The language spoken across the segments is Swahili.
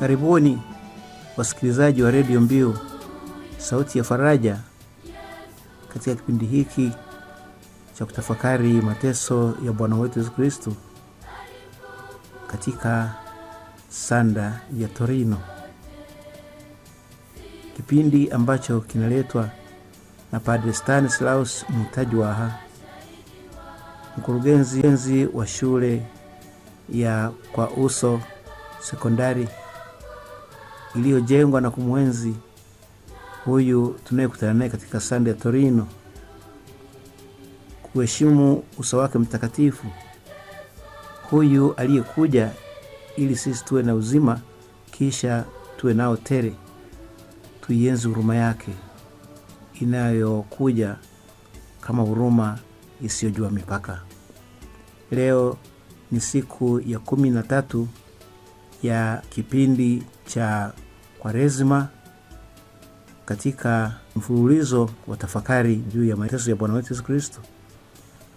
Karibuni wasikilizaji wa redio Mbiu sauti ya faraja, katika kipindi hiki cha kutafakari mateso ya Bwana wetu Yesu kristu katika sanda ya Torino, kipindi ambacho kinaletwa na Padre Stanislaus Mutajwaha, mkurugenzi wa shule ya Kwa Uso Sekondari iliyojengwa na kumwenzi huyu tunayekutana naye katika sande ya Torino, kuheshimu uso wake mtakatifu, huyu aliyekuja ili sisi tuwe na uzima, kisha tuwe nao tele. Tuienzi huruma yake inayokuja kama huruma isiyojua mipaka. Leo ni siku ya kumi na tatu ya kipindi cha Kwaresima katika mfululizo wa tafakari juu ya mateso ya Bwana wetu Yesu Kristo,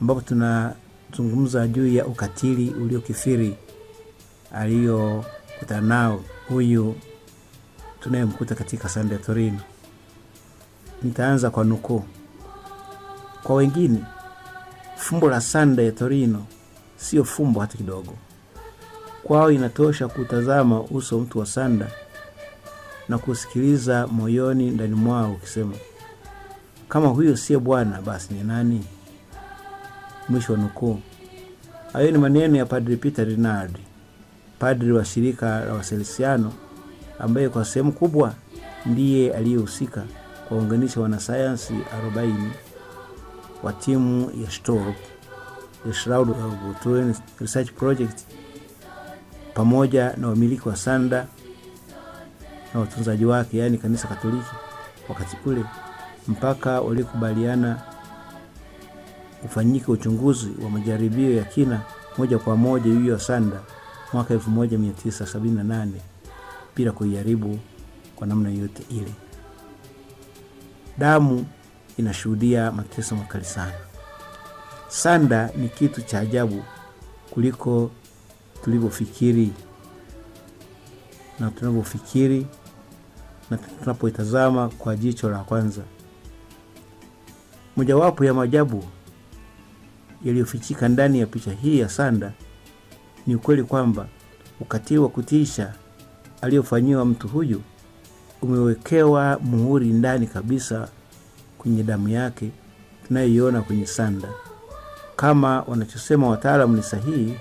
ambapo tunazungumza juu ya ukatili uliokithiri aliyokutana nao huyu tunayemkuta katika sanda ya Torino. Nitaanza kwa nukuu: kwa wengine fumbo la sanda ya Torino sio fumbo hata kidogo, Kwao inatosha kutazama uso mtu wa sanda na kusikiliza moyoni ndani mwao ukisema, kama huyo sie Bwana basi ni nani? Mwisho wa nukuu. Hayo ni maneno ya Padri Peter Rinaldi, padri wa shirika la waselesiano ambaye kwa sehemu kubwa ndiye aliyehusika kuwaunganisha wanasayansi 40 wa timu ya Strobe, ya Shroud of Research Project pamoja na wamiliki wa sanda na watunzaji wake, yaani kanisa Katoliki wakati ule, mpaka walikubaliana ufanyike uchunguzi wa majaribio ya kina moja kwa moja hiyo sanda mwaka 1978 bila kuiharibu kwa namna yote ile. Damu inashuhudia mateso makali sana. Sanda ni kitu cha ajabu kuliko tulivyofikiri na tunavyofikiri na tunapoitazama kwa jicho la kwanza. Mojawapo ya maajabu yaliyofichika ndani ya picha hii ya Sanda ni ukweli kwamba ukatili wa kutisha aliyofanyiwa mtu huyu umewekewa muhuri ndani kabisa kwenye damu yake tunayoiona kwenye Sanda. Kama wanachosema wataalamu ni sahihi,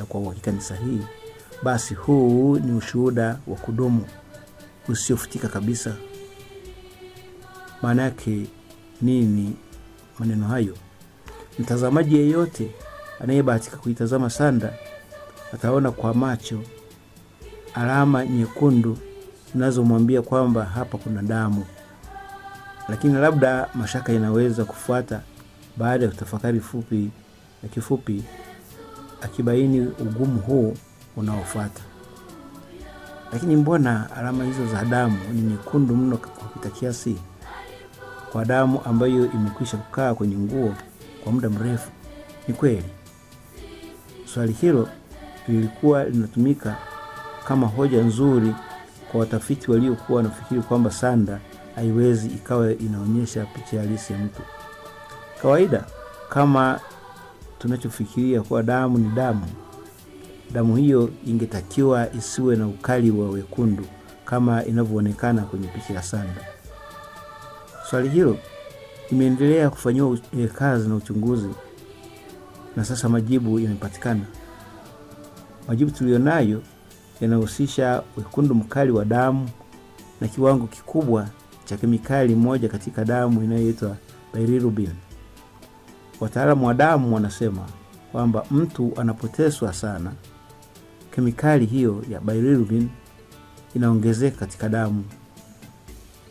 na kwa uhakika ni sahihi, basi huu ni ushuhuda wa kudumu usiofutika kabisa. Maana yake nini maneno hayo? Mtazamaji yeyote anayebahatika kuitazama sanda ataona kwa macho alama nyekundu zinazomwambia kwamba hapa kuna damu, lakini labda mashaka inaweza kufuata baada ya tafakari fupi na kifupi akibaini ugumu huu unaofuata. Lakini mbona alama hizo za damu ni nyekundu mno kupita kiasi, kwa damu ambayo imekwisha kukaa kwenye nguo kwa muda mrefu? Ni kweli, swali hilo lilikuwa linatumika kama hoja nzuri kwa watafiti waliokuwa wanafikiri kwamba sanda haiwezi ikawa inaonyesha picha halisi ya mtu. Kawaida kama tunachofikiria kuwa damu ni damu, damu hiyo ingetakiwa isiwe na ukali wa wekundu kama inavyoonekana kwenye picha ya sanda. Swali hilo imeendelea kufanyiwa eh, kazi na uchunguzi na sasa majibu yamepatikana. Majibu tuliyonayo yanahusisha wekundu mkali wa damu na kiwango kikubwa cha kemikali moja katika damu inayoitwa bilirubin. Wataalamu wa damu wanasema kwamba mtu anapoteswa sana, kemikali hiyo ya bilirubin inaongezeka katika damu.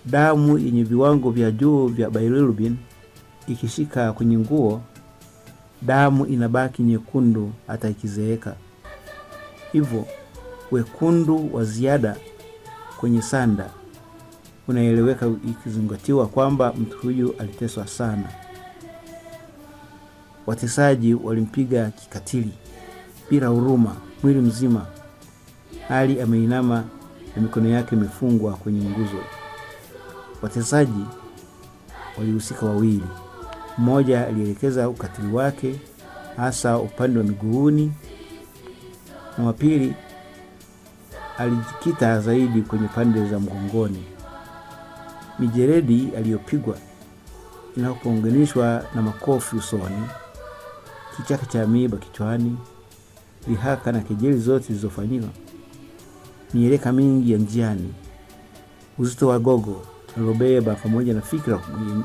Damu yenye viwango vya juu vya bilirubin ikishika kwenye nguo, damu inabaki nyekundu hata ikizeeka. Hivyo wekundu wa ziada kwenye sanda unaeleweka, ikizingatiwa kwamba mtu huyu aliteswa sana. Watesaji walimpiga kikatili bila huruma, mwili mzima, hali ameinama na mikono yake imefungwa kwenye nguzo. Watesaji walihusika wawili, mmoja alielekeza ukatili wake hasa upande wa miguuni na wa pili alijikita zaidi kwenye pande za mgongoni. Mijeledi aliyopigwa inapounganishwa na makofi usoni kichaka cha miba kichwani, lihaka na kejeli zote zilizofanyiwa, mieleka mingi ya njiani, uzito wa gogo alobeba, pamoja na fikira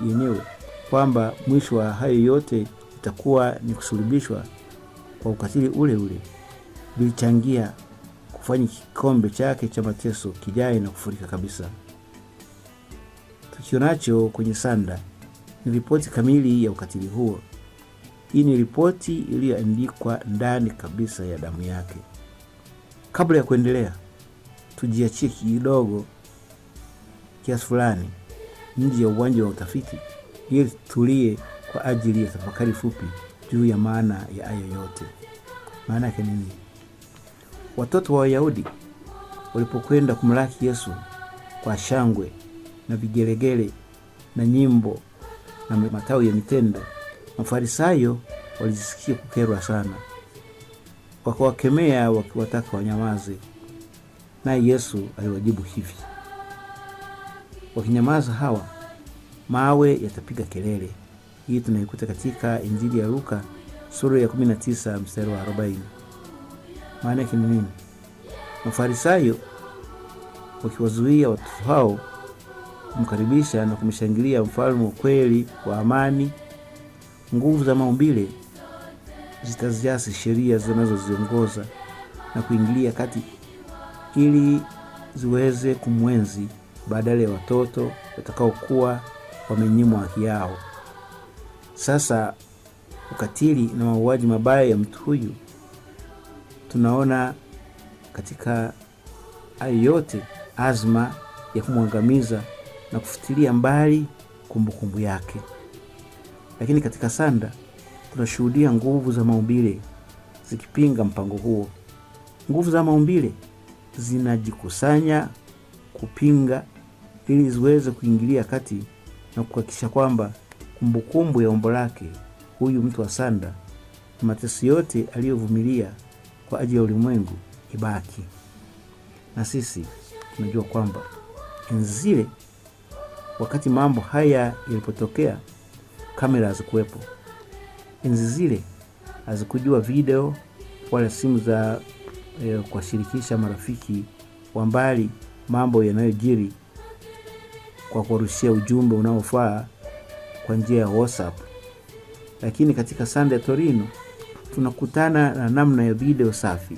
yenyewe kwamba mwisho wa hayo yote itakuwa ni kusulubishwa kwa ukatili ule ule, vilichangia kufanya kikombe chake cha mateso kijae na kufurika kabisa. Tukionacho kwenye sanda ni ripoti kamili ya ukatili huo. Hii ni ripoti iliyoandikwa ndani kabisa ya damu yake. Kabla ya kuendelea, tujiachie kidogo kiasi fulani nje ya uwanja wa utafiti ili tulie kwa ajili ya tafakari fupi juu ya maana ya hayo yote. Maana yake nini? Watoto wa Wayahudi walipokwenda kumlaki Yesu kwa shangwe na vigelegele na nyimbo na matawi ya mitende Mafarisayo walijisikia kukerwa sana, wakawakemea wakiwataka wanyamaze, naye Yesu aliwajibu hivi: wakinyamaza hawa mawe yatapiga kelele. Hii tunaikuta katika Injili ya Luka sura ya 19 mstari wa 40. Maana yake ni nini? Mafarisayo wakiwazuia watoto hao kumkaribisha na kumshangilia mfalme wa kweli wa amani Nguvu za maumbile zitaziasi sheria zinazoziongoza na kuingilia kati ili ziweze kumwenzi badala ya watoto watakaokuwa wamenyimwa haki yao. Sasa ukatili na mauaji mabaya ya mtu huyu tunaona katika hayo yote azma ya kumwangamiza na kufutilia mbali kumbukumbu kumbu yake. Lakini katika sanda tunashuhudia nguvu za maumbile zikipinga mpango huo. Nguvu za maumbile zinajikusanya kupinga ili ziweze kuingilia kati na kuhakikisha kwamba kumbukumbu ya umbo lake huyu mtu wa sanda na mateso yote aliyovumilia kwa ajili ya ulimwengu ibaki. Na sisi tunajua kwamba enzi zile, wakati mambo haya yalipotokea kamera hazikuwepo enzi zile, hazikujua video wala simu za e, kuwashirikisha marafiki wa mbali mambo yanayojiri kwa kuwarushia ujumbe unaofaa kwa njia ya WhatsApp. Lakini katika Sanda ya Torino tunakutana na namna ya video safi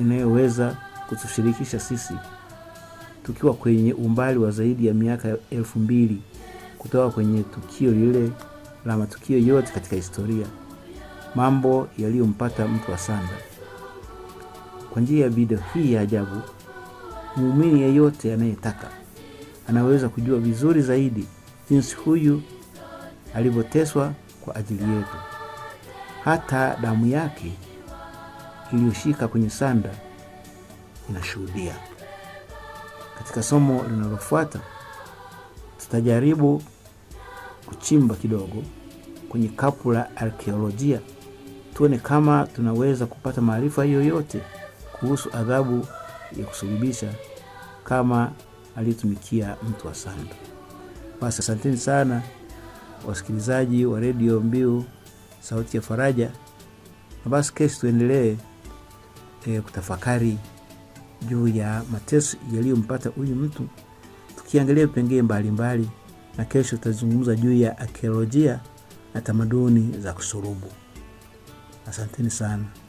inayoweza kutushirikisha sisi tukiwa kwenye umbali wa zaidi ya miaka elfu mbili kutoka kwenye tukio lile la matukio yote katika historia, mambo yaliyompata mtu wa Sanda. Kwa njia ya video hii ya ajabu, muumini yeyote anayetaka anaweza kujua vizuri zaidi jinsi huyu alivyoteswa kwa ajili yetu. Hata damu yake iliyoshika kwenye sanda inashuhudia. Katika somo linalofuata tutajaribu kuchimba kidogo kwenye kapu la arkeolojia tuone kama tunaweza kupata maarifa yoyote kuhusu adhabu ya kusulubisha kama aliyetumikia mtu wa Sando. Basi asanteni sana wasikilizaji wa redio Mbiu sauti ya Faraja, na basi kesi tuendelee e, kutafakari juu ya mateso yaliyompata huyu mtu tukiangalia vipengee mbalimbali na kesho tutazungumza juu ya akeolojia na tamaduni za kusurubu. Asanteni sana.